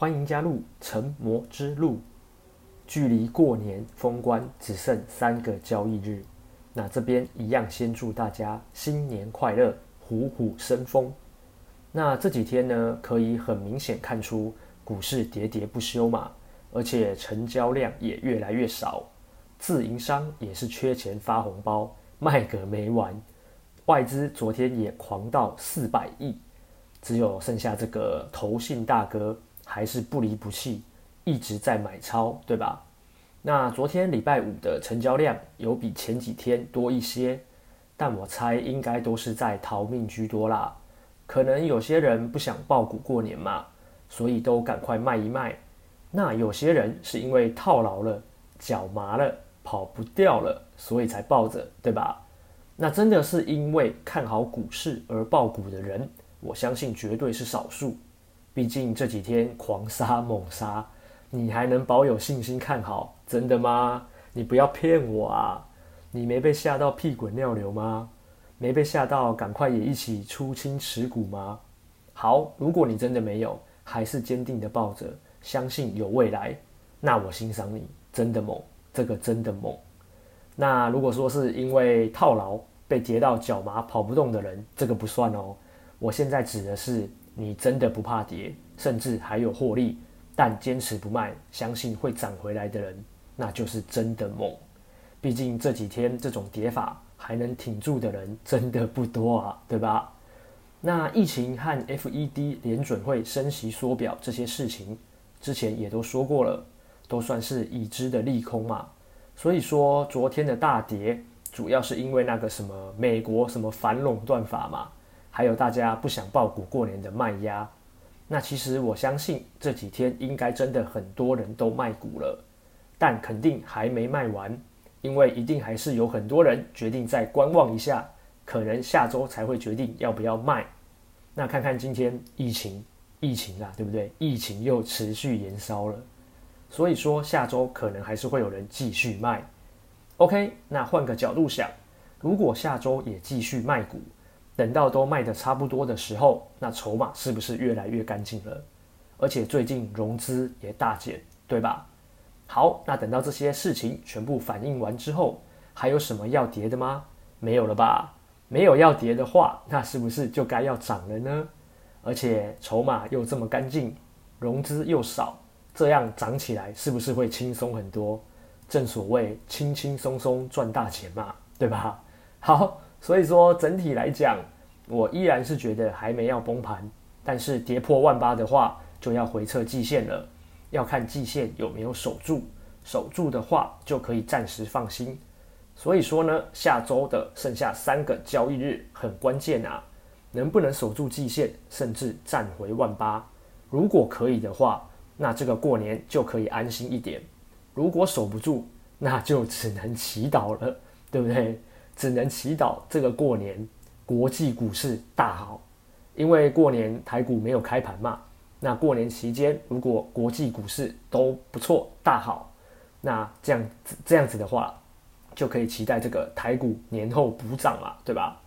歡迎加入成魔之路。距離過年封關只剩三個交易日，那這邊一樣先祝大家新年快樂，虎虎生風。那這幾天呢，可以很明顯看出股市跌跌不休嘛，而且成交量也越來越少，自營商也是缺錢發紅包賣個沒完，外資昨天也狂到四百億，只有剩下這個投信大哥。還是不離不棄，一直在買超，對吧？那昨天禮拜五的成交量有比前幾天多一些，但我猜應該都是在逃命居多啦。可能有些人不想抱股過年嘛，所以都趕快賣一賣。那有些人是因為套牢了，腳麻了，跑不掉了，所以才抱着，對吧？那真的是因為看好股市而抱股的人，我相信絕對是少數。畢竟這幾天狂殺猛殺，你還能保有信心看好，真的嗎？你不要騙我啊！你沒被嚇到屁滾尿流嗎？沒被嚇到，趕快也一起出清持股嗎？好，如果你真的沒有，還是堅定的抱着，相信有未來，那我欣賞你，真的猛，這個真的猛。那如果說是因為套牢被跌到腳麻跑不動的人，這個不算哦。我現在指的是。你真的不怕跌，甚至還有獲利，但堅持不賣，相信會漲回來的人，那就是真的猛。畢竟這幾天這種跌法還能挺住的人真的不多啊，對吧？那疫情和 FED 聯準會升息縮表這些事情，之前也都說過了，都算是已知的利空嘛。所以說，昨天的大跌主要是因為那個什麼美國什麼反壟斷法嘛。還有大家不想抱股過年的賣壓，那其實我相信這幾天應該真的很多人都賣股了，但肯定還沒賣完，因為一定還是有很多人決定再觀望一下，可能下週才會決定要不要賣。那看看今天疫情，疫情啊，對不對？疫情又持續延燒了，所以說下週可能還是會有人繼續賣。OK，那換個角度想，如果下週也繼續賣股。等到都賣的差不多的時候，那籌碼是不是越來越乾淨了？而且最近融資也大減，對吧？好，那等到這些事情全部反映完之後，還有什麼要跌的嗎？沒有了吧？沒有要跌的話，那是不是就該要漲了呢？而且籌碼又這麼乾淨，融資又少，這樣漲起來是不是會輕鬆很多？正所謂輕輕松鬆賺大錢嘛，對吧？好。所以說，整體來講，我依然是覺得還沒要崩盤，但是跌破萬八的話，就要回測季線了。要看季線有沒有守住，守住的話就可以暫時放心。所以說呢，下週的剩下三個交易日很關鍵啊，能不能守住季線，甚至站回萬八？如果可以的話，那這個過年就可以安心一點。如果守不住，那就只能祈禱了，對不對？只能祈禱這個過年國際股市大好，因為過年台股沒有開盤嘛。那過年期間如果國際股市都不錯大好，那這樣這樣子的話，就可以期待這個台股年後補漲了，對吧？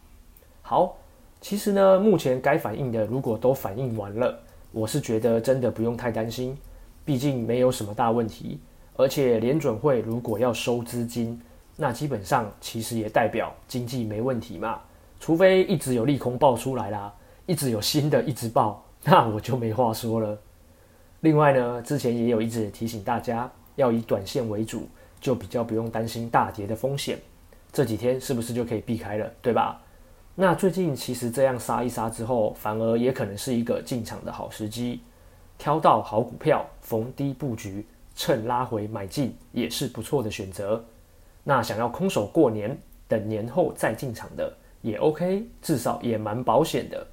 好，其實呢，目前該反應的如果都反應完了，我是覺得真的不用太擔心，畢竟沒有什麼大問題。而且聯準會如果要收資金。那基本上其實也代表經濟沒問題嘛，除非一直有利空爆出來啦，一直有新的一直爆，那我就沒話說了。另外呢，之前也有一直提醒大家要以短線為主，就比較不用擔心大跌的風險。這幾天是不是就可以避開了，對吧？那最近其實這樣殺一殺之後，反而也可能是一個進場的好時機，挑到好股票逢低布局，趁拉回買進也是不錯的選擇。那想要空手過年，等年後再進場的也 OK，至少也蠻保險的。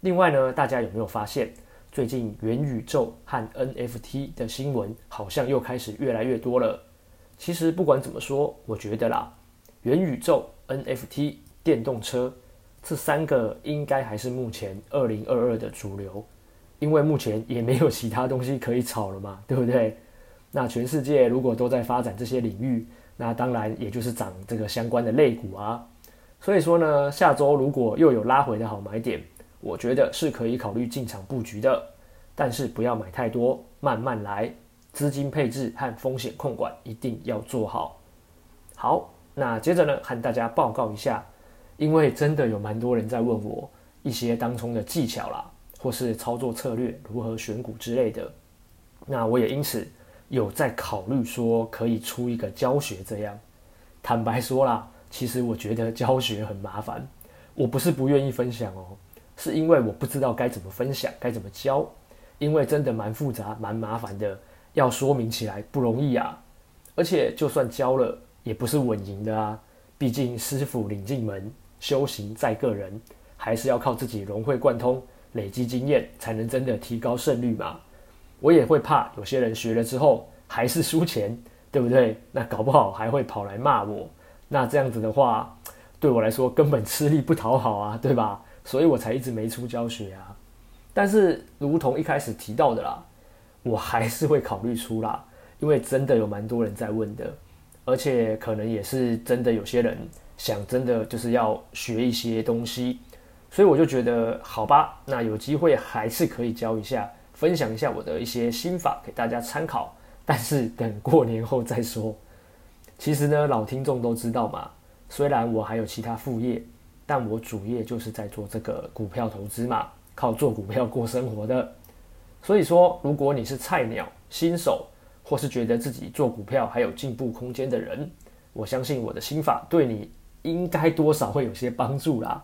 另外呢，大家有沒有發現，最近元宇宙和 NFT 的新聞好像又開始越來越多了？其實不管怎麼說，我覺得啦，元宇宙、NFT、電動車這三個應該還是目前2022的主流，因為目前也沒有其他東西可以炒了嘛，對不對？那全世界如果都在發展這些領域。那當然，也就是漲這個相關的類股啊。所以說呢，下周如果又有拉回的好買點，我覺得是可以考慮進場布局的。但是不要買太多，慢慢來，資金配置和風險控管一定要做好。好，那接着呢，和大家報告一下，因為真的有蠻多人在問我一些當沖的技巧啦，或是操作策略、如何選股之類的。那我也因此。有在考慮說可以出一個教學，這樣坦白說啦，其實我覺得教學很麻煩。我不是不願意分享哦，是因為我不知道該怎麼分享，該怎麼教，因為真的蠻複雜、蠻麻煩的，要說明起來不容易啊。而且就算教了，也不是穩贏的啊。畢竟師父領進門，修行在個人，還是要靠自己融會貫通、累積經驗，才能真的提高勝率嘛。我也會怕有些人學了之後還是輸錢，對不對？那搞不好還會跑來罵我。那這樣子的話，對我來說根本吃力不討好啊，對吧？所以我才一直沒出教學啊。但是，如同一開始提到的啦，我還是會考慮出啦，因為真的有蠻多人在問的，而且可能也是真的有些人想真的就是要學一些東西。所以我就覺得好吧，那有機會還是可以教一下。分享一下我的一些心法給大家參考，但是等過年後再說。其實呢，老聽眾都知道嘛，雖然我還有其他副業，但我主業就是在做這個股票投資嘛，靠做股票過生活的。所以說，如果你是菜鳥、新手，或是覺得自己做股票還有進步空間的人，我相信我的心法對你應該多少會有些幫助啦，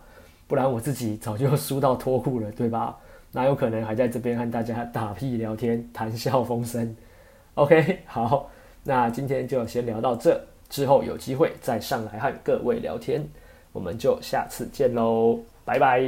不然我自己早就輸到脫褲了，對吧？哪有可能還在這邊和大家打屁聊天，談笑風生。OK，好，那今天就先聊到這，之後有機會再上來和各位聊天。我們就下次見嘍，拜拜。